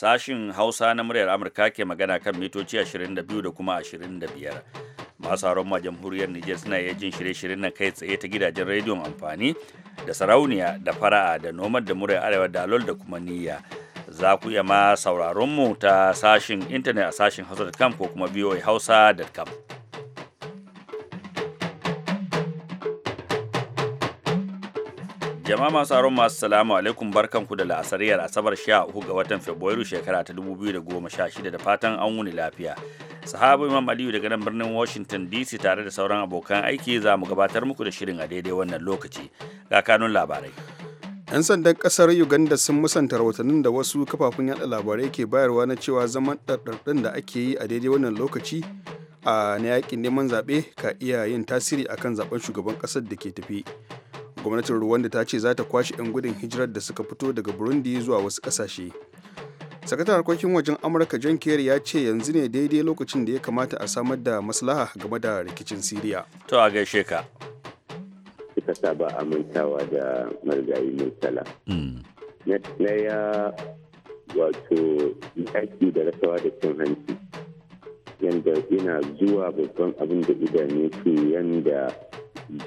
Sashin Hausa na muryar Amurka ke magana kan mitoci 22 da kuma 25. Masu haron ma jamhuriyar Nijar suna iya jin shirye-shiryen na kai tsaye ta gidajen rediyon amfani da sarauniya da fara'a da nomad da muryar arewa da da kuma niyya. Za ku iya ma sauraron ta sashin intanet a sashin hausa.com ko kuma voahausa.com. Jama'a masu aron masu salamu alaikum barkanku da la'asariyar Asabar sha uku ga watan Fabrairu shekara ta 2016 da sha shida da fatan an wuni lafiya. Sahabu Imam Aliyu daga nan birnin Washington DC tare da sauran abokan aiki za mu gabatar muku da shirin a daidai wannan lokaci. Ga kanun labarai. 'Yan sandan kasar Uganda sun musanta rahotannin da wasu kafafun yada labarai ke bayarwa na cewa zaman ɗarɗarɗin da ake yi a daidai wannan lokaci a na yakin neman zaɓe ka iya yin tasiri akan zaben shugaban ƙasar da ke tafi. gwamnatin da ta ce za ta kwashe 'yan gudun hijirar da suka fito daga burundi zuwa wasu kasashe sakataren harkokin wajen amurka john kerry ya ce yanzu ne daidai lokacin da ya kamata a samar da maslaha game da rikicin siriya to a gaishe ka ita sa ba amintawa da marigayi murtala hmm. na ɗaya wato yaƙi da rasawa da cin hanci yadda ina zuwa babban abin da idanu ke yadda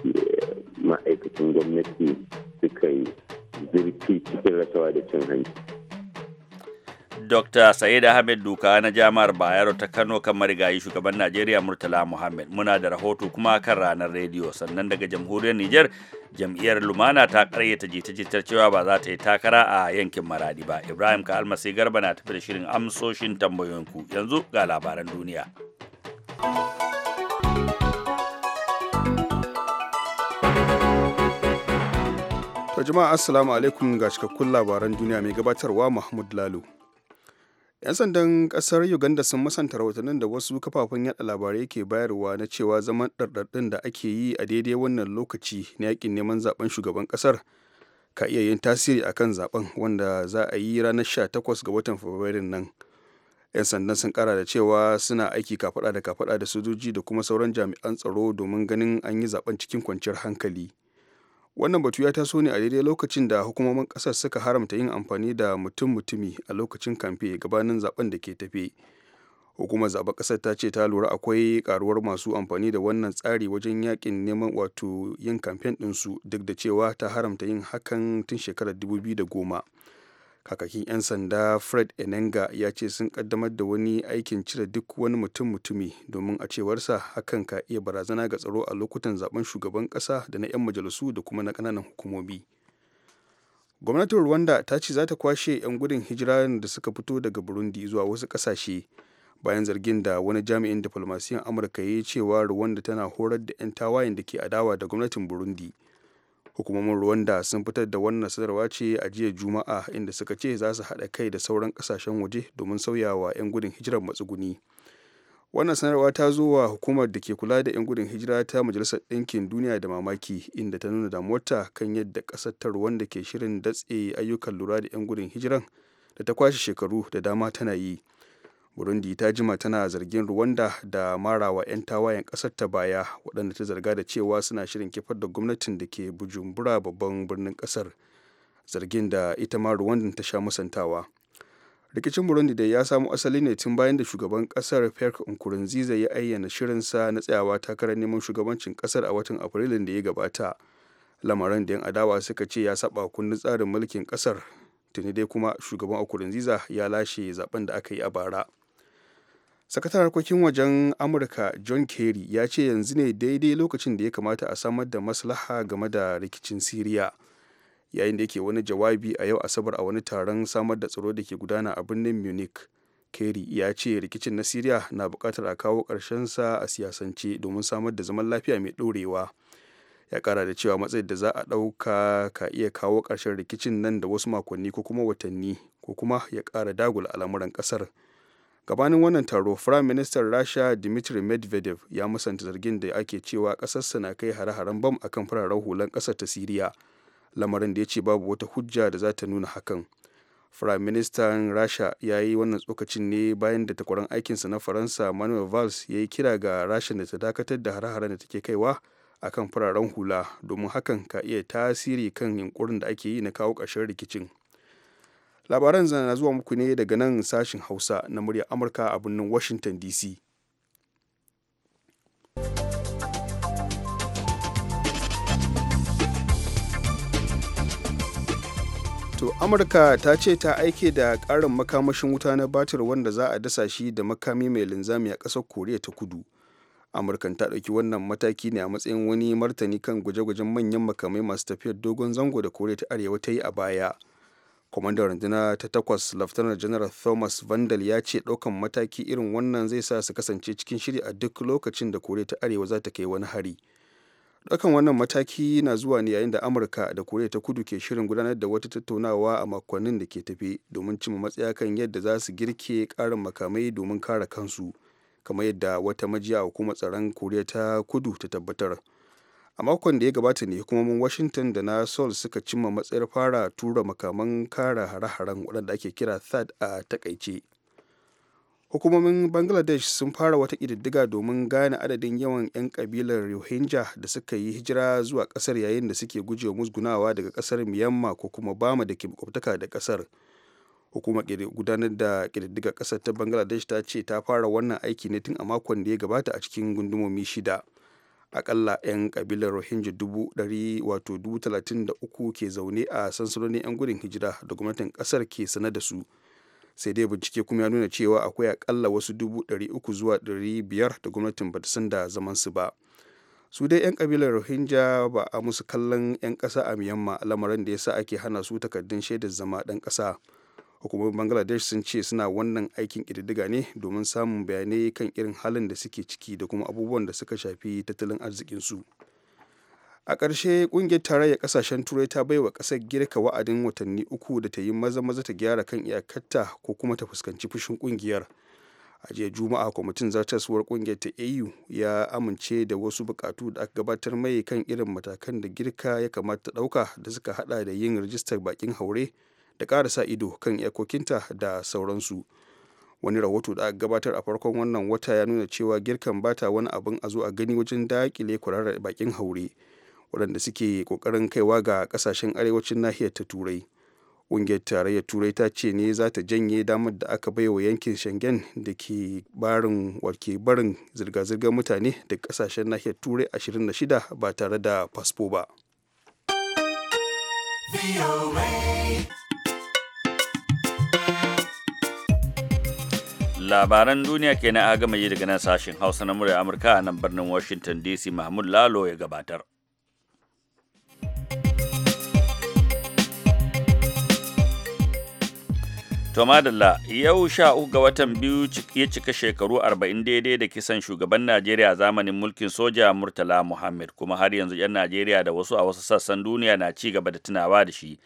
eh, ma'aikacin gwamnati suka yi zurfi cikin rasawa da cin hanci. Dr. Sa'id Ahmed Duka na Jami'ar Bayero ta Kano kan marigayi shugaban Najeriya Murtala Muhammad muna da rahoto kuma kan ranar rediyo sannan daga jamhuriyar Nijar jam'iyyar Lumana ta karyata jita-jitar cewa ba za ta yi takara a yankin Maradi ba. Ibrahim Ka Almasi Garba na tafi da shirin amsoshin tambayoyinku yanzu ga labaran duniya. To jama'a assalamu alaikum ga cikakkun labaran duniya mai gabatarwa Mahmud Lalo. 'Yan sandan kasar Uganda sun masanta rahotannin da wasu kafafen yada labarai ke bayarwa na cewa zaman ɗarɗarɗin da ake yi a daidai wannan lokaci na yakin neman zaben shugaban kasar ka iya yin tasiri akan zaben wanda za a yi ranar sha takwas ga watan fabrairu nan. 'yan sandan sun kara da cewa suna aiki kafada da kafada da sojoji da kuma sauran jami'an tsaro domin ganin an yi zaben cikin kwanciyar hankali. wannan batu ya taso ne a daidai lokacin da hukumomin kasar suka haramta yin amfani da mutum-mutumi a lokacin kamfe gabanin zaben da ke tafe hukumar zaben kasar ta ce ta lura akwai karuwar masu amfani da wannan tsari wajen yakin neman wato yin kamfen ɗinsu duk da cewa ta haramta yin hakan tun shekarar 2010 kakakin 'yan sanda fred enenga ya ce sun kaddamar da wani aikin cire duk wani mutum-mutumi domin a cewarsa hakan ka iya barazana ga tsaro a lokutan zaben shugaban kasa da na 'yan majalisu da kuma na kananan hukumomi gwamnatin rwanda ta ce za ta kwashe 'yan gudun hijira da suka fito daga burundi zuwa wasu kasashe bayan zargin da wani jami'in diflomasiyan amurka ya yi cewa rwanda tana horar da 'yan tawayen da ke adawa da gwamnatin burundi hukumomin rwanda sun fitar da wannan sanarwa ce a jiya juma'a inda suka ce za su haɗa kai da sauran ƙasashen waje domin sauyawa 'yan gudun hijirar matsuguni wannan sanarwa ta zo wa hukumar da ke kula da 'yan gudun hijira ta majalisar ɗinkin duniya da mamaki inda ta nuna damuwarta kan yadda ƙasar ta rwanda ke shirin datse ayyukan lura da 'yan gudun hijiran da ta kwashe shekaru da dama tana yi burundi ta jima tana zargin rwanda da marawa 'yan tawayen ƙasar ta baya waɗanda ta zarga da cewa suna shirin kifar da gwamnatin da ke bujumbura babban birnin ƙasar zargin da ita ma rwanda ta sha musantawa rikicin burundi da ya samo asali ne tun bayan da shugaban kasar pierre nkurunziza ya ayyana shirinsa na tsayawa takarar neman shugabancin ƙasar a watan afrilun da ya gabata lamarin da yan adawa suka ce ya saba kundin tsarin mulkin ƙasar tuni dai kuma shugaban nkurunziza ya lashe zaben da aka yi a bara sakataren harkokin wajen amurka john kerry ya ce yanzu ne daidai lokacin da ya kamata a samar da maslaha game da rikicin siriya yayin da yake wani jawabi a yau asabar a wani taron samar da tsaro da ke gudana a birnin munich kerry ya ce rikicin na siriya na bukatar a kawo sa a siyasance domin samar da zaman lafiya mai dorewa ya kara da cewa matsayin da za a ɗauka ka iya kawo ƙarshen rikicin nan da wasu makonni ko kuma watanni ko kuma ya ƙara dagula al'amuran ƙasar. gabanin wannan taro firayim ministan rasha dmitry medvedev ya musanta zargin da ake cewa ƙasarsa na kai hare-haren bam akan fararen hulan ƙasa ta siriya lamarin da ya ce babu wata hujja da za ta nuna hakan firayim ministan rasha ya yi wannan tsokacin ne bayan da takwaran aikinsa na faransa manuel valls ya yi kira ga rasha da ta dakatar da hare-haren da take kaiwa akan fararen hula domin hakan ka iya tasiri kan yunkurin da ake yi na kawo ƙarshen rikicin labaran zana zuwa muku ne daga nan sashin hausa na muryar amurka a birnin washington dc to amurka ta ce ta aike da karin makamashin wuta na batir wanda za a dasa shi da makami mai linzami a ƙasar koriya ta kudu amurkan ta ɗauki wannan mataki ne a matsayin wani martani kan gwaje-gwajen manyan makamai masu tafiyar dogon zango da koriya ta arewa ta yi a baya kwamandan rundunar ta takwas laftanar general thomas vandal ya ce daukan mataki irin wannan zai sa su kasance cikin shiri a duk lokacin da koriya ta arewa za ta kai wani hari daukan wannan mataki na zuwa ne yayin da amurka da koriya ta kudu ke shirin gudanar da wata tattaunawa a makonnin da ke tafe domin cimma matsaya kan yadda za su girke karin makamai domin kare kansu kamar yadda wata majiya hukumar tsaron koriya ta kudu ta tabbatar a makon da ya gabata ne hukumomin washington da na seoul suka cimma matsayar fara tura makaman kara hare-haren waɗanda ake kira third a takaice hukumomin bangladesh sun fara wata ƙididdiga domin gane adadin yawan 'yan kabilar rohingya da suka yi hijira zuwa ƙasar yayin da suke gujewa musgunawa daga ƙasar myanmar ko kuma bama da ke da ƙasar hukumar gudanar da ƙididdigar ƙasar ta bangladesh ta ce ta fara wannan aiki ne tun a makon da ya gabata a cikin gundumomi shida akalla 'yan kabilar rohingya dubu wato dubu talatin da uku ke zaune a sansanonin 'yan gudun hijira da gwamnatin kasar ke sanar da su sai dai bincike kuma ya nuna cewa akwai akalla wasu dubu dari uku zuwa dari biyar da gwamnatin bata san da zaman su ba su dai 'yan kabilar rohingya ba a musu kallon 'yan ƙasa a miyamma lamarin da yasa ake hana su takardun shaidar zama ɗan ƙasa hukumomin bangladesh sun ce suna wannan aikin ƙididdiga ne domin samun bayanai kan irin halin da suke ciki da kuma abubuwan da suka shafi tattalin arzikinsu a ƙarshe ƙungiyar tarayyar ƙasashen turai ta bai wa ƙasar girka wa'adin watanni uku da ta yi maza maza ta gyara kan iyakarta ko kuma ta fuskanci fushin ƙungiyar a jiya juma'a kwamitin zartaswar ƙungiyar ta au ya amince da wasu buƙatu da aka gabatar mai kan irin matakan da girka ya kamata ta ɗauka da suka haɗa da yin rijistar bakin haure da ƙara sa ido kan iyakokinta da sauransu wani rahoto da aka gabatar a farkon wannan wata ya nuna cewa girkan bata wani abin a zo a gani wajen daƙile kwararar bakin haure waɗanda suke ƙoƙarin kaiwa ga ƙasashen arewacin nahiyar ta turai ƙungiyar tarayyar turai ta ce ne za ta janye damar da aka bai wa yankin shengen da ke barin warke barin zirga-zirgar mutane da ƙasashen nahiyar turai 26 ba tare da fasfo ba. labaran duniya kenan a gama yi daga nan sashen hausa na murya amurka a nan birnin washington dc mahmud lalo ya gabatar To madalla yau sha uku ga watan biyu ya cika shekaru arba'in daidai da kisan shugaban Najeriya zamanin mulkin soja Murtala Muhammad kuma har yanzu 'yan Najeriya da wasu a wasu sassan duniya na ci gaba da tunawa da shi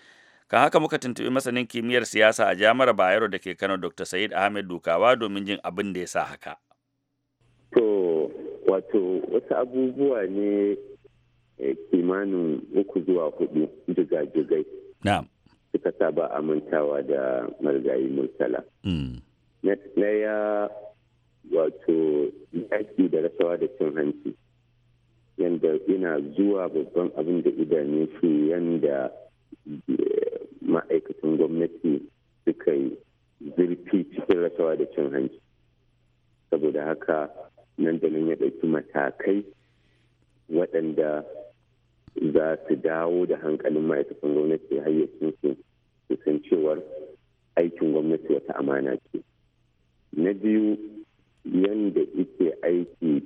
kan haka muka tuntuɓi masanin kimiyyar siyasa a jami'ar bayero da ke kano dr said ahmed dukawa domin jin abin da ya sa haka to wato wasu abubuwa ne eh, kimanin uku zuwa hudu jigajigai na suka sa ba amintawa da margayi murtala hmm. na ya wato yaki da rasawa da cin hanci yadda ina zuwa babban abin da idanun su yadda eh, gwamnati suka yi zurfi cikin rasawa da cin hanci saboda haka nan da nan ya ɗauki matakai waɗanda za su dawo da hankalin ma'aikatan gwamnati har ya su san cewar aikin gwamnati wata amana ce na biyu yadda ike aiki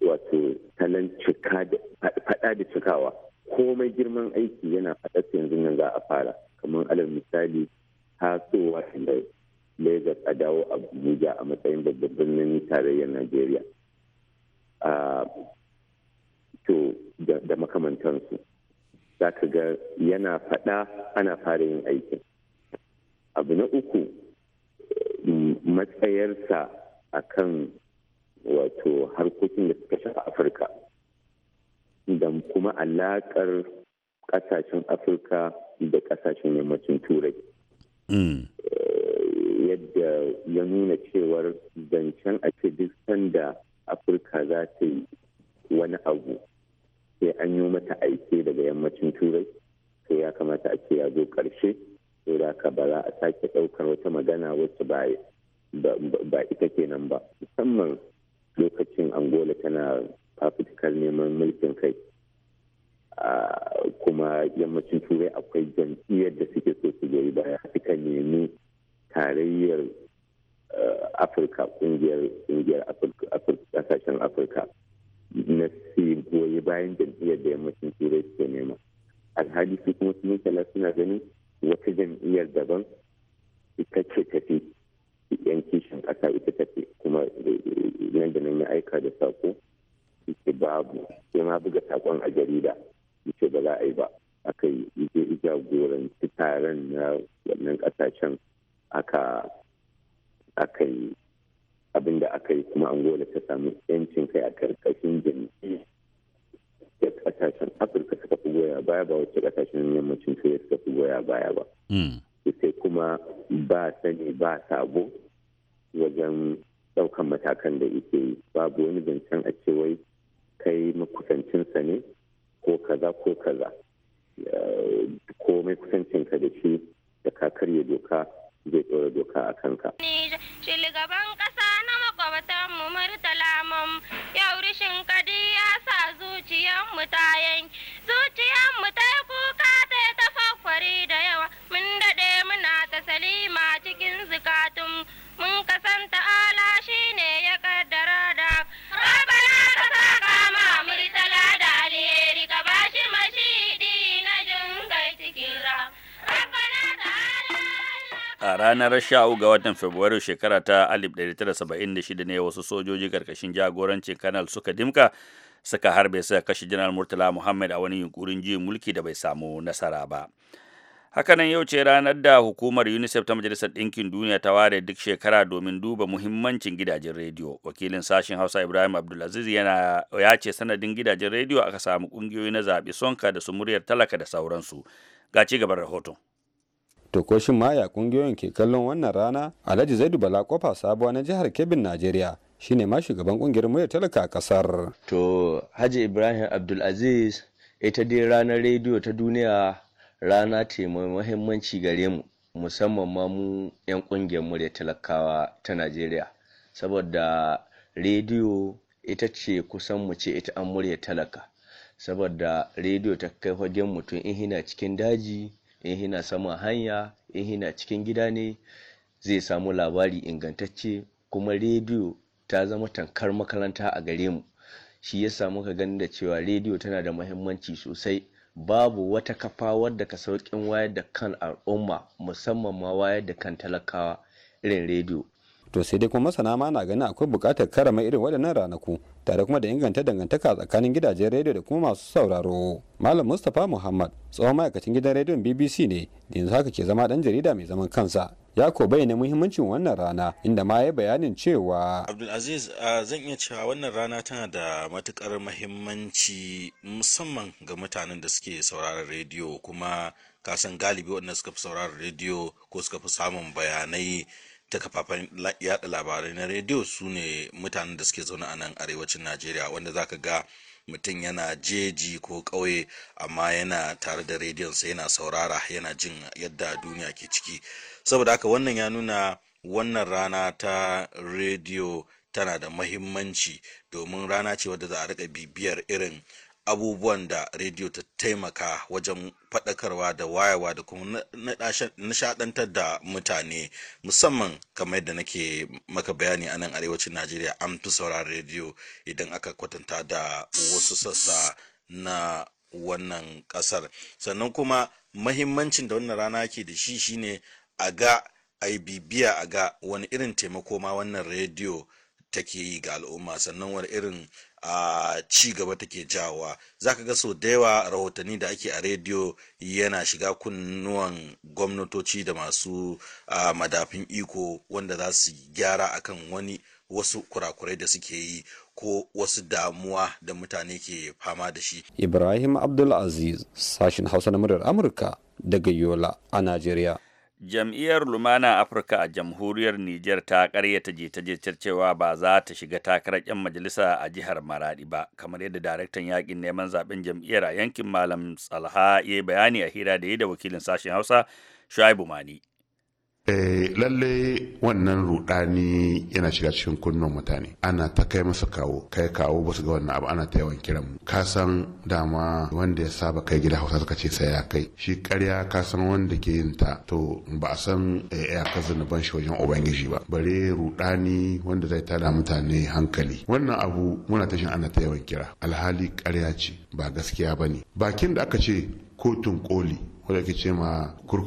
wato talan cika da faɗa da cikawa komai girman aiki yana faɗa yanzu nan za a fara kamar alal misali tasowa da lagos a dawo abuja a matsayin babban birnin tarayyar najeriya to da makamantansu za ka ga yana faɗa ana fara yin aikin abu na uku matsayarsa a kan wato harkokin da suka shafa afirka da kuma alaƙar ƙasashen afirka da kasashen yammacin turai mm. eh, yadda ya nuna cewar zancen a ce duk sanda afirka za ta yi wani abu sai an yi mata aike daga yammacin turai sai ya kamata a ce ya zo karshe sai da ka ba a sake ɗaukar wata magana wacce ba ita kenan ba musamman lokacin angola tana fafutukar neman mulkin kai kuma yammacin turai akwai jam'iyyar da suke so su goyi baya suka nemi tarayyar afirka kungiyar kasashen afirka na su goyi bayan jam'iyyar da yammacin turai suke nema alhali su kuma sun suna gani wata jam'iyyar daban ita ce tafi yan kishin kasa ita tafi kuma nan da nan ya aika da sako babu sai ma buga sakon a jarida yace ba za a yi ba aka yi ije jagoranci taron na wannan kasashen aka aka yi abinda aka yi kuma angola ta samu yancin kai a karkashin jami'i da kasashen afirka suka fi goya baya ba wacce kasashen yammacin turai suka fi goya baya ba hmm. sai kuma ba sani ba sabo wajen daukan matakan da yake yi babu wani zancen a ce kai makusancinsa ne ko kaza ko kaza eh, komai ka da shi da ka karya doka zai tsora doka a kanka. Shugaban ƙasa na makwabtan mu Murtala mun yau rishin kadi ya sa zuciyar mu ta yanki ranar 13 ga watan Fabrairu shekara ta 1976 ne wasu sojoji karkashin jagorancin kanal suka dimka suka harbe su kashe janar Murtala Muhammad a wani yunkurin juyin mulki da bai samu nasara ba. Hakanan yau ce ranar da hukumar UNICEF ta Majalisar Ɗinkin Duniya ta ware duk shekara domin duba muhimmancin gidajen rediyo. Wakilin sashen Hausa Ibrahim Abdulaziz yana ya ce sanadin gidajen rediyo aka samu ƙungiyoyi na zaɓi sonka da su muryar talaka da sauransu. Ga ci gaban rahoton. to ko shin ma kungiyoyin ke kallon wannan rana alhaji zaidu bala kofa sabuwa na jihar kebin najeriya shine ma shugaban kungiyar murya talaka kasar to haji ibrahim abdulaziz ita dai ranar rediyo ta duniya rana ce mai muhimmanci gare mu musamman ma mu 'yan kungiyar murya talakawa ta najeriya saboda rediyo ita ce kusan mu ce ita an murya talaka saboda rediyo ta kai fagen mutum in hina cikin daji in hina sama hanya in hina cikin gida ne zai samu labari ingantacce kuma rediyo ta zama tankar makaranta a gare mu shi ya yasa ka ganin da cewa rediyo tana da mahimmanci sosai babu wata kafa wadda ka sauƙin wayar da kan al'umma musamman ma wayar da kan talakawa irin rediyo to sai dai kuma masana ma na ganin akwai buƙatar karama irin waɗannan ranaku tare kuma da inganta dangantaka tsakanin gidajen rediyo da kuma masu sauraro malam mustapha muhammad tsohon ma'aikacin gidan rediyon bbc ne da yanzu haka ke zama ɗan jarida mai zaman kansa ya ko bayyana muhimmancin wannan rana inda ma ya bayanin cewa abdulaziz zan iya cewa wannan rana tana da matukar muhimmanci musamman ga mutanen da suke sauraron rediyo kuma kasan galibi waɗanda suka fi sauraron rediyo ko suka fi samun bayanai ta kafafen yada labarai na rediyo su ne mutanen da suke zaune a nan arewacin najeriya wanda zaka ga mutum yana jeji ko ƙauye amma yana tare da rediyon sa yana saurara yana jin yadda duniya ke ciki saboda haka wannan ya nuna wannan rana ta rediyo tana da mahimmanci domin rana ce wadda za a rika bibiyar irin abubuwan da rediyo ta taimaka wajen faɗakarwa da wayawa da kuma nishaɗantar da mutane musamman kamar yadda nake maka bayani a nan arewacin najeriya an fi sauran rediyo idan aka kwatanta da wasu sassa na wannan ƙasar sannan kuma mahimmancin da wannan rana ke da shi shine a ga a bibiya a ga wani irin taimako ma wannan rediyo take yi ga al'umma sannan wani irin a ci gaba take jawowa za ka ga sau da yawa rahotanni da ake a rediyo yana shiga kunnuwan gwamnatoci da masu madafin iko wanda za su gyara akan wani wasu kurakurai da suke yi ko wasu damuwa da mutane ke fama da shi. Ibrahim Abdulaziz, sashin Hausa na muryar Amurka daga Yola a Najeriya. jam'iyyar lumana afirka a jamhuriyar niger ta karyata jita-jitar cewa ba za ta shiga takarar 'yan majalisa a jihar maradi ba kamar yadda daraktan yakin neman zaɓen jam'iyyar a yankin malam Salha ya bayani a hira da ya da wakilin sashen hausa shuaibu mani Eh, lalle wannan rudani yana shiga cikin kunnen mutane ana ta kai masa kawo kai kawo ba su ga wannan abu ana ta yawan kiran mu ka san dama wanda ya saba kai gida hausa suka ce sai ya kai shi karya ka san wanda ke yin ta to ba a san eh, ya ka ban shi wajen ubangiji ba bare rudani wanda zai tada mutane hankali wannan abu muna ta shin ana ta yawan kira alhali karya ce ba gaskiya bane bakin da aka ce kotun koli wadda ake ce ma cour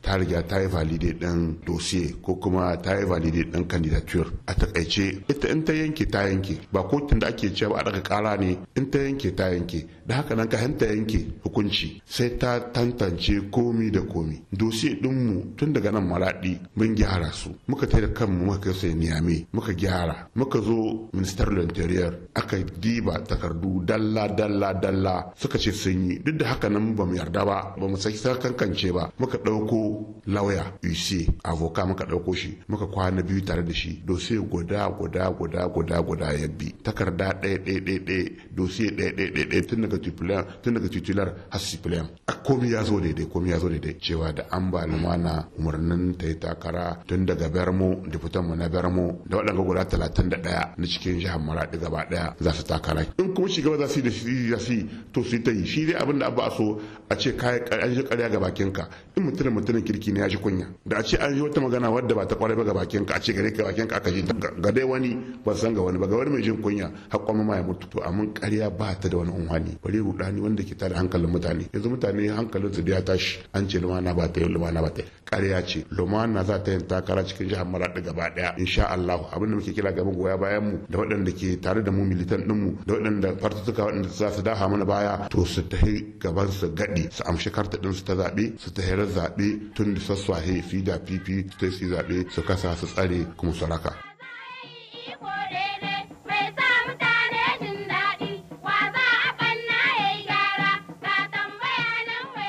ta riga ta yi valide ɗin dossier ko kuma ta yi valide ɗin candidature a takaice ita in ta yanke ta yanke ba kotun da ake ba a daga kara ne in ta yanke ta yanke da haka nan ka ta yanke hukunci sai ta tantance komi da komi din mu tun daga nan maraɗi mun gyara su muka tai da kanmu muka kai sai niyame muka gyara muka zo ministar interior aka diba takardu dalla dalla dalla suka ce sun yi duk da haka nan ba mu yarda ba ba mu kankance ba muka ɗauko lauya uc avoka muka ɗauko shi muka kwana biyu tare da shi dosiye guda guda guda guda guda ya bi takarda ɗaya ɗaya ɗaya ɗaya dosiye ɗaya ɗaya ɗaya tun daga titular tun daga titular har sifiliyan a komi ya zo daidai komi ya zo daidai cewa da an ba lumana umarnin ta yi takara tun daga bermo deputan mu na bermo da waɗanda guda talatin da ɗaya na cikin jihar maraɗi gaba ɗaya za su takara in kuma shugaba za su yi da shi za su yi to su yi ta yi shi dai abin da abu a so a ce kayan an shi ƙarya ga ka in mutum mutumin kirki ne ya shi kunya da a ce an yi wata magana wadda ba ta kware ba ga ka a ce gare ka ka aka ji ga dai wani ba san ga wani ba ga wani mai jin kunya hakkon ma ya mutu to amma karya ba ta da wani unhani bari rudani wanda ke tare hankalin mutane yanzu mutane hankalin su da ya tashi an ce lumana ba ta yi lumana ba ta yi ce lumana za ta yin takara cikin jihar maraɗi gaba daya insha Allah abinda muke kira gaban goya bayan mu da waɗanda ke tare da mu militan ɗin mu da waɗanda fartutuka waɗanda za su daha mana baya to su tafi gaban su gaɗi su amshi karta kat su ta zaɓe su ta herar zaɓe tun da sassuwahe su da fifi su ta yi zaɓe su kasa su tsare kuma su raka.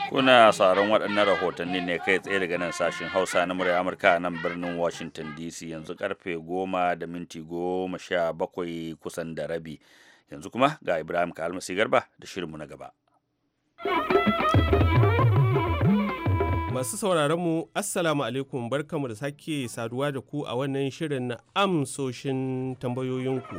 Kuna sauran waɗannan rahotanni ne kai tsaye daga nan sashen Hausa na murya Amurka nan birnin Washington DC yanzu karfe goma da minti goma sha bakwai kusan da rabi. Yanzu kuma ga Ibrahim Kalmasi Garba da shirinmu na gaba. Masu mu Assalamu alaikum barkamu da sake saduwa da ku a wannan shirin na amsoshin tambayoyinku.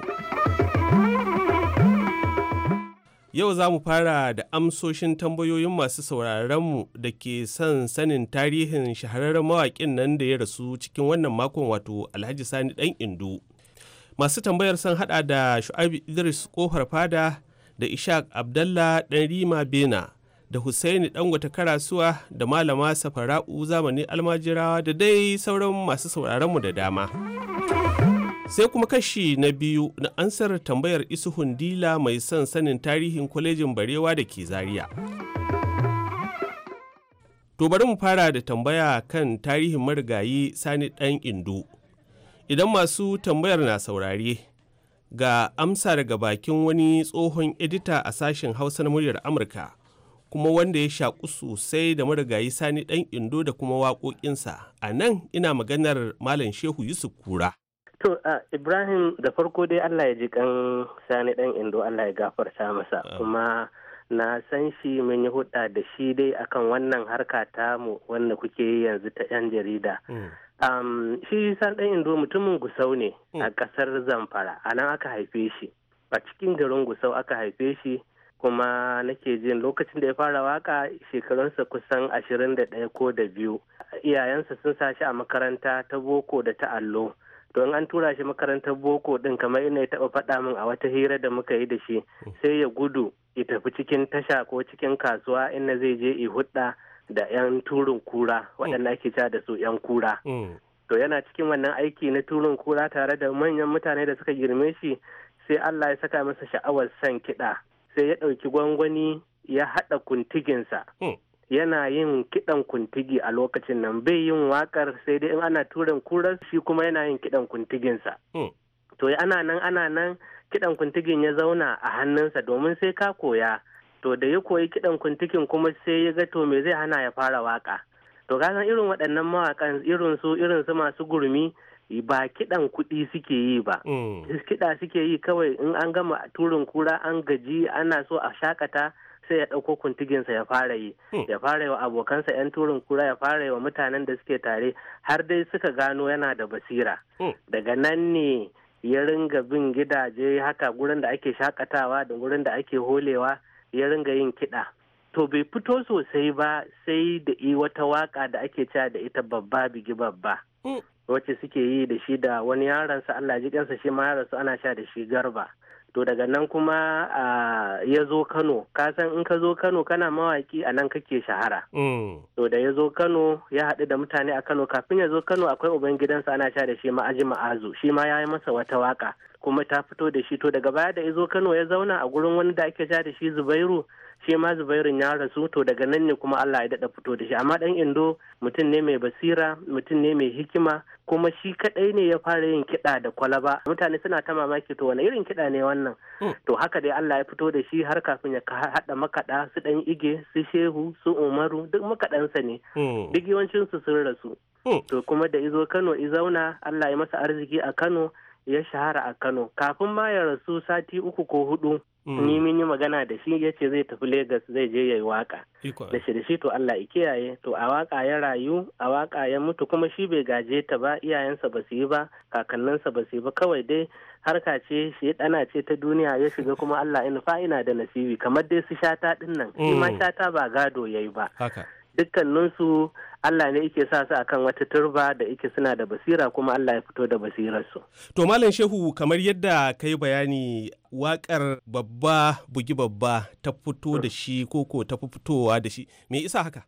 Yau za mu fara da amsoshin tambayoyin masu mu da ke son sanin tarihin shahararren mawaƙin nan da ya rasu cikin wannan makon wato Alhaji Sani ɗan indu Masu tambayar sun hada da Shu'abi Idris Kofar Fada da Ishaq Abdallah ɗan Rima Bena. da Husaini Dangote Karasuwa da Malama Safara'u zamanin almajirawa da dai sauran masu sauraronmu da dama. Sai kuma kashi na biyu na ansar tambayar isu hundila mai son sanin tarihin kwalejin barewa da ke Zariya. To bari mu fara da tambaya kan tarihin marigayi sani ɗan Indu Idan masu tambayar na saurare, ga amsa daga bakin wani tsohon edita a sashen Hausa na muryar Amurka. kuma wanda ya shaƙu sosai da marigayi sani ɗan indo da kuma waƙoƙinsa a nan ina maganar malam shehu yusuf kura To, Ibrahim da farko dai Allah ya ji kan sani ɗan indo Allah ya gafarta masa kuma na san shi mun yi hudda da shi dai akan wannan harka ta mu wanda kuke yi yanzu ta 'yan jarida. Mm. shi sani ɗan indo mutumin gusau ne mm. a ƙasar Zamfara, a nan aka haife shi. A cikin garin gusau aka haife shi kuma nake jin lokacin da ya fara waka shekarunsa kusan ashirin da ɗaya ko da biyu iyayensa sun sa shi a makaranta ta boko da ta allo don an tura shi makarantar boko din kamar ina ya taɓa faɗa min a wata hira da muka yi da shi sai ya gudu ya tafi cikin tasha ko cikin kasuwa inda zai je i hudda da 'yan turin kura waɗanda ake ca da su 'yan kura mm. to yana cikin wannan aiki na turin kura tare da manyan mutane da suka girme shi sai Allah ya saka masa sha'awar san kiɗa sai ya ɗauki gwangwani ya haɗa kuntiginsa hmm. yana yin kiɗan kuntigi a lokacin nan bai yin wakar sai dai in ana turan kurar shi kuma yana yin kiɗan kuntiginsa hmm. to ana nan ana nan kiɗan kuntigin ya zauna a hannunsa domin sai ka koya to da ya koyi kiɗan kuntikin kuma sai ya ga to me zai hana ya fara waka to kasan irin waɗannan mawakan irin su irin su masu gurmi ba kidan kuɗi suke yi ba mm. kiɗa suke yi kawai in an gama turin kura an gaji ana so a shakata sai ya ɗauko kuntiginsa ya fara yi mm. ya fara yi wa abokansa 'yan turin kura ya fara yi wa mutanen da suke tare har dai suka gano yana da basira mm. daga nan ne ya ringa bin gidaje haka gurin da ake shakatawa da gurin da ake holewa ya ringa yin kiɗa to bai fito sosai ba sai da wata waka da ake cewa da ita babba bigi babba wacce suke yi da shi da wani yaransa Allah ji kansa shi ma su ana sha da shi garba to daga nan kuma ya zo kano ka san in ka zo kano kana mawaki a nan kake shahara mm. to da ya zo kano ya haɗu da mutane a kano kafin ya zo kano akwai ubangidansa ana sha da shi ma ma'aji ma'azu shi ma ya yi masa wata waka kuma ta fito da shi to daga baya da ya zo kano ya zauna a gurin wani da ake sha da shi zubairu shi ma zubairun ya rasu to daga nan ne kuma Allah ya daɗa fito da shi amma dan indo mutum ne mai basira mutum ne mai hikima kuma shi kaɗai ne ya fara yin kiɗa da kwalaba mutane suna ta mamaki to wani irin kiɗa ne wannan hmm. to haka dai Allah ya fito da shi har kafin ya haɗa makaɗa su ɗan ige su shehu su umaru duk makaɗansa ne hmm. duk yawancinsu sun rasu hmm. to kuma da izo Kano izauna Allah ya masa arziki a Kano ya shahara a Kano kafin ma ya rasu sati uku ko hudu mm. ni mun yi magana da shi ya ce zai tafi Legas zai je ya yi waka da shi da shi to Allah ya kiyaye to a waka ya rayu a waka ya mutu kuma shi bai gaje ta ba iyayensa ba su yi ba kakanninsa ba su yi ba kawai dai harka ce shi ɗana ce ta duniya ya shiga kuma Allah ina fa'ina da nasibi kamar dai su shata ɗin nan shi ma mm. shata ba gado yayi ba dukkaninsu Allah ne yake sa su akan wata turba da yake suna da basira kuma Allah ya fito da basirarsu. To Malam Shehu kamar yadda ka yi bayani wakar babba bugi babba ta fito da shi koko ta fitowa da shi me isa haka?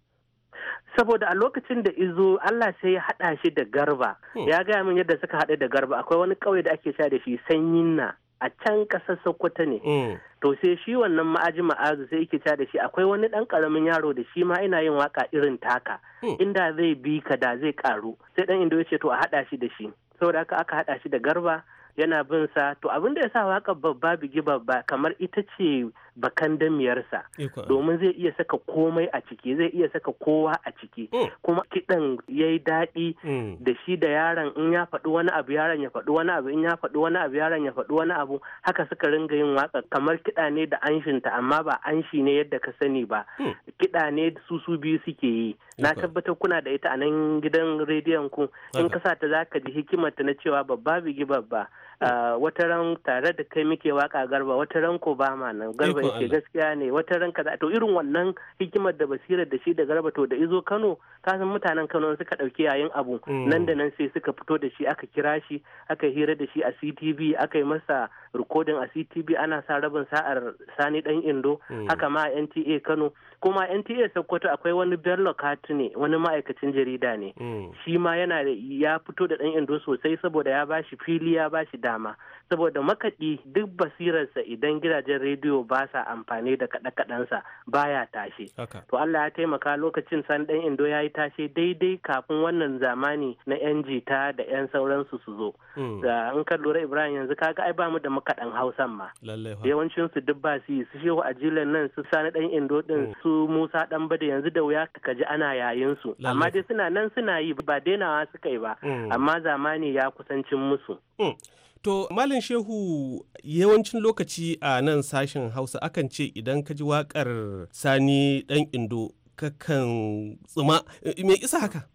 saboda a lokacin da izo Allah sai ya haɗa shi da garba hmm. ya gaya min yadda suka haɗu da garba akwai wani ƙauye da ake sha da shi sanyin na a can ƙasar sokoto ne mm. to sai shi wannan ma'aji ma'azu sai yake da shi akwai wani ɗan ƙaramin yaro da shi ma ina yin waka irin taka mm. inda zai bi ka da zai karu sai dan indo yace to a haɗa shi da shi saboda haka aka haɗa shi da garba yana bin sa to abin da ya sa waka babba bigi babba kamar ita ce bakan damiyarsa eh domin zai iya saka komai a ciki zai iya saka kowa a ciki oh. kuma kiɗan ya yi daɗi hmm. da shi da yaron in ya faɗi wani abu yaron ya faɗi wani abu in ya faɗi wani abu yaron ya faɗi wani abu haka suka ringa yin waka kamar kiɗa ne da anshinta amma ba anshi ne yadda ka sani ba hmm. kiɗa ne su su biyu suke yi eh na tabbatar kuna da ita a nan gidan rediyon ku in ka sa ta za ka ji hikimarta na cewa babba bigi babba hmm. ah, wata ran tare da kai muke waka garba wata ran ko ba ma nan garba kuma gaskiya ne wata ran kaza to irin wannan hikimar da basirar da shi da garba to da izo Kano ka san mutanen Kano suka dauki yayin abu mm. nan da nan sai suka fito da shi aka kira shi aka hira da shi a CTV aka yi masa rikodin a ctb ana sa rabin sa'ar sani dan indo hmm. haka ma nta kano kuma nta sokoto akwai wani bello katu ne wani ma'aikacin jarida ne hmm. shi ma yana da ya fito da dan indo sosai saboda ya bashi fili ya bashi dama saboda makaɗi duk basirarsa idan gidajen rediyo ba sa amfani da kaɗe sa baya tashe to allah ya taimaka lokacin sani dan indo ya yi tashe daidai kafin wannan zamani na yan jita da yan sauransu su zo hmm. an ka lura ibrahim yanzu kaga ai ba mu da makaɗan hausan ma yawancin su duk ba su yi su shehu ajilan nan su sani ɗan indo ɗin mm. su musa ɗan bada yanzu da wuya ka ji ana yayin su amma dai suna nan suna yi ba dainawa suka yi ba mm. amma zamani ya kusancin musu mm. To Malam Shehu yawancin lokaci a nan sashen Hausa akan ce idan ka ji waƙar Sani ɗan Indo kakan tsuma eh, me isa haka?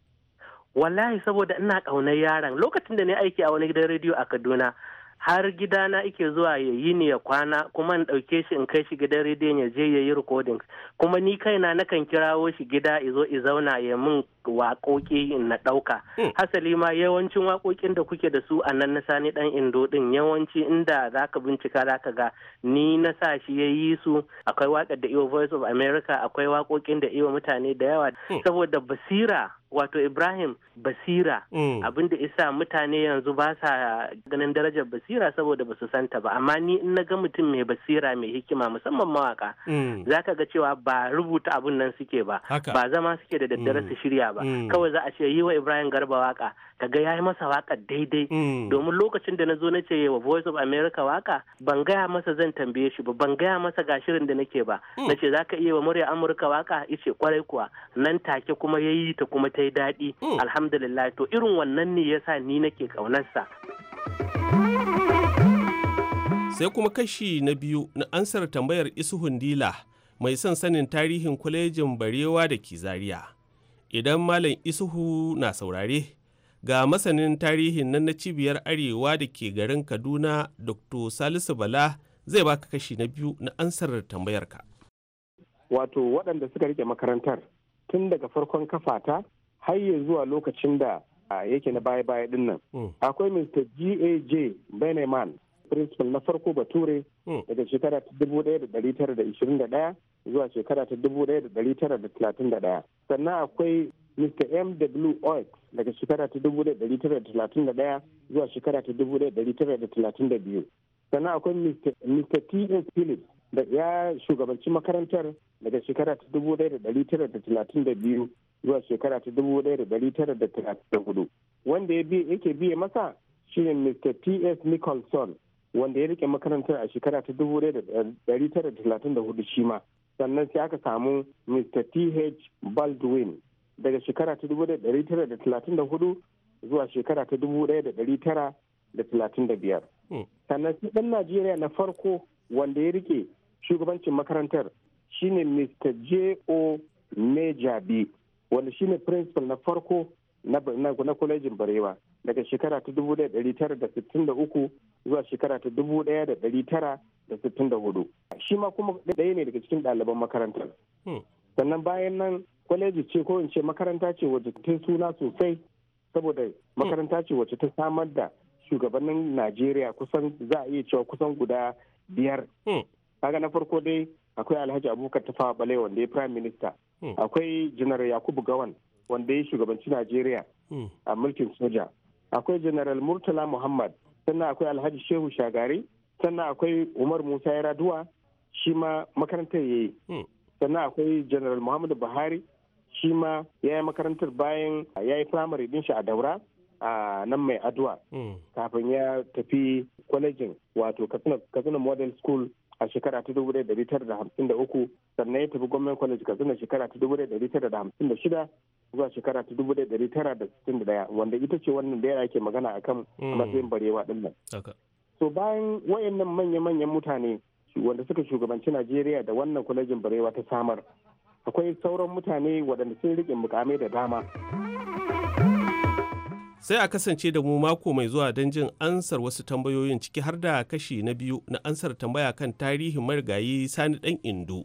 Wallahi saboda ina ƙaunar yaron lokacin da ne aiki a wani gidan rediyo a Kaduna har gidana ike zuwa ya yi ni ya kwana kuma in ɗauke shi in kai shi gidan rediyon ya je ya yi recording kuma ni kaina nakan kirawo shi gida izo i zauna ya min waƙoƙi na ɗauka hmm. hasali ma yawancin waƙoƙin da kuke da su a nan na sani ɗan indo ɗin yawanci inda za ka bincika za ka ga ni na sa shi ya yi su akwai waƙar da iyo voice of america akwai waƙoƙin da iyo mutane da yawa hmm. saboda basira wato ibrahim basira hmm. abinda isa mutane yanzu ba sa ganin darajar basira saboda ba su santa ba amma ni in na ga mutum mai basira mai hikima musamman mawaka zaka za ka ga cewa ba rubuta abun nan suke ba ba zama suke da daddare su shirya ba. ba mm. kawai za a ce yi wa Ibrahim Garba waka kaga ya yi masa waka daidai mm. domin lokacin da na zo na ce wa Voice of America waka ban gaya masa zan tambaye shi ba ban gaya masa ga shirin da nake ba mm. na ce za ka iya wa murya Amurka waka ice kwarai kuwa nan take kuma ya yi ta kuma ta yi daɗi alhamdulillah to irin wannan ne yasa ni nake ƙaunarsa. sai kuma kashi na biyu na ansar tambayar isu hundila mai son sanin tarihin kwalejin barewa da ke zaria idan Malam Isuhu na saurare ga masanin tarihin nan na cibiyar Arewa da ke garin Kaduna Dr. Salisu Bala zai baka kashi na biyu na ansar tambayarka. Wato waɗanda suka rike makarantar tun daga farkon kafata har ya zuwa lokacin da yake na baya-baya din nan. Hmm. Akwai Mr. G.A.J. Beneman, principal na farko bature hmm. daga shekara 1921 zuwa shekara ta dubu daya da dari tara da talatin da daya sannan akwai mr mw oix daga shekara ta dubu daya da dari tara da talatin da daya zuwa shekara ta dubu daya da dari tara da talatin da biyu sannan akwai mr tn philip da ya shugabanci makarantar daga shekara ta dubu daya da dari tara da talatin da biyu zuwa shekara ta dubu daya da dari tara da talatin da hudu wanda yake biye masa shine mr S nicholson wanda ya rike makarantar a shekara ta dubu daya da dari tara da talatin da hudu shima. sannan sai aka samu mr th baldwin daga shekara ta hudu zuwa shekara ta da 1935 hmm. sannan sai ɗan najeriya na farko wanda ya rike shugabancin makarantar shine mr j o b wanda shine principal na farko na kwalejin barewa daga shekara ta 1963 zuwa shekara ta 1964 shi ma kuma ɗaya ne daga cikin ɗaliban makarantar hmm. sannan bayan nan kwaleji ce ko in ce makaranta ce wacce ta suna sosai saboda makaranta ce wacce ta samar da shugabannin najeriya kusan za a iya cewa kusan guda biyar hmm. kaga na farko dai akwai alhaji abubakar tafawa balewa wanda ya prime minister hmm. akwai janar yakubu gawan wanda ya shugabanci najeriya hmm. a mulkin soja akwai general murtala muhammad sannan akwai alhaji shehu shagari sannan akwai umar musa yaraduwa raduwa shi ma makarantar ya yi hmm. sannan akwai general muhammadu buhari shi ma ya yi makarantar bayan ya yi firamare din shi a daura a nan mai adwa hmm. kafin ya tafi kwalejin wato katsina model school a shekara ta dubu da tara da hamsin da uku sannan ya tafi gwamnan college katsina shekara ta dubu da tara da hamsin da shida zuwa shekara ta dubu da tara da sittin da daya wanda ita ce wannan da ake magana akan mm. matsayin barewa din nan. so bayan wayannan manya-manyan mutane wanda suka shugabanci najeriya da wannan kwalejin barewa ta samar akwai sauran mutane waɗanda sun riƙe mukamai da dama. sai a kasance da mu mako mai zuwa don jin ansar wasu tambayoyin ciki har da kashi na biyu na ansar tambaya kan tarihin marigayi sani dan indo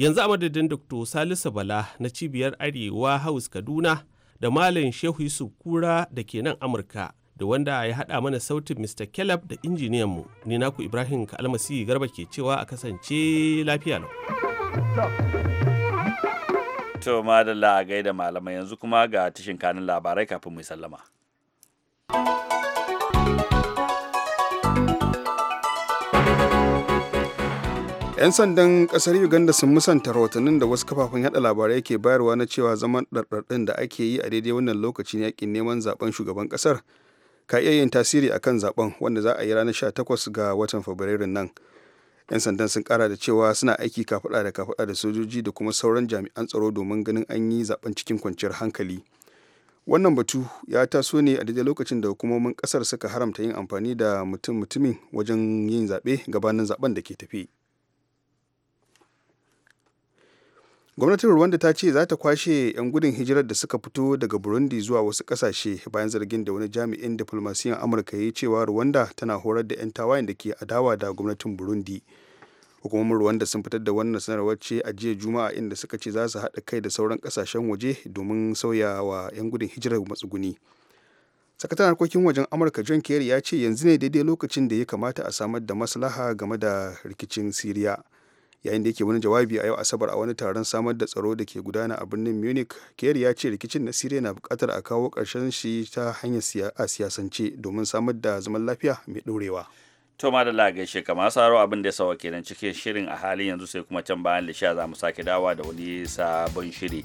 yanzu a madadin dr salisu bala na cibiyar arewa haus kaduna da malam shehu yusuf kura da ke nan amurka da wanda ya haɗa mana sautin mr caleb da injiniyan mu ni naku ibrahim kalmasi garba ke cewa a kasance lafiya lau to madalla a gaida malamai yanzu kuma ga tashin kanin labarai kafin mu sallama 'yan sandan kasar uganda sun musanta rahotannin da wasu kafafen yada labarai ke bayarwa na cewa zaman ɗarɗarɗin da ake yi a daidai wannan lokacin yakin neman zaben shugaban kasar ka iya yin tasiri akan zaben wanda za a yi ranar 18 ga watan fabrairun nan 'yan sandan sun kara da cewa suna aiki kafaɗa da kafaɗa da sojoji da kuma sauran jami'an tsaro domin ganin an yi zaben cikin kwanciyar hankali wannan batu ya taso ne a daidai lokacin da hukumomin kasar suka haramta yin amfani da mutum-mutumin wajen yin zaɓe gabanin zaben da ke tafi gwamnatin rwanda ta ce za ta kwashe 'yan gudun hijirar da suka fito daga burundi zuwa wasu kasashe bayan zargin da wani jami'in diflomasiyan amurka ya yi cewa rwanda tana horar da 'yan tawayen da ke adawa da gwamnatin burundi hukumomin rwanda sun fitar da wannan sanarwar ce a jiya juma'a inda suka ce za su haɗa kai da sauran ƙasashen waje domin sauya wa 'yan gudun hijirar matsuguni sakataren harkokin wajen amurka john kerry ya ce yanzu ne daidai lokacin da ya kamata a samar da maslaha game da rikicin siriya yayin da yake wani jawabi a yau asabar a wani taron samar da tsaro da ke gudana a birnin munich kerry ya ce rikicin na siriya na bukatar a kawo ƙarshen shi ta hanyar a siyasance domin samar da zaman lafiya mai ɗorewa to ma da lagashe kamar saro abin da ya sawa kenan cikin shirin a halin yanzu sai kuma can bayan sha za mu sake dawa da wani sabon shiri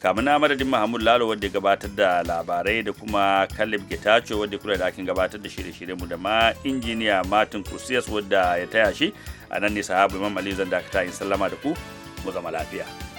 kamun na madadin mahmud lalo wadda gabatar da labarai da kuma kalib gitacho wadda kula da akin gabatar da shirye-shirye mu da ma injiniya martin kusiyas wadda ya taya shi a nan ne sahabu imam ali zan dakata in sallama da ku mu zama lafiya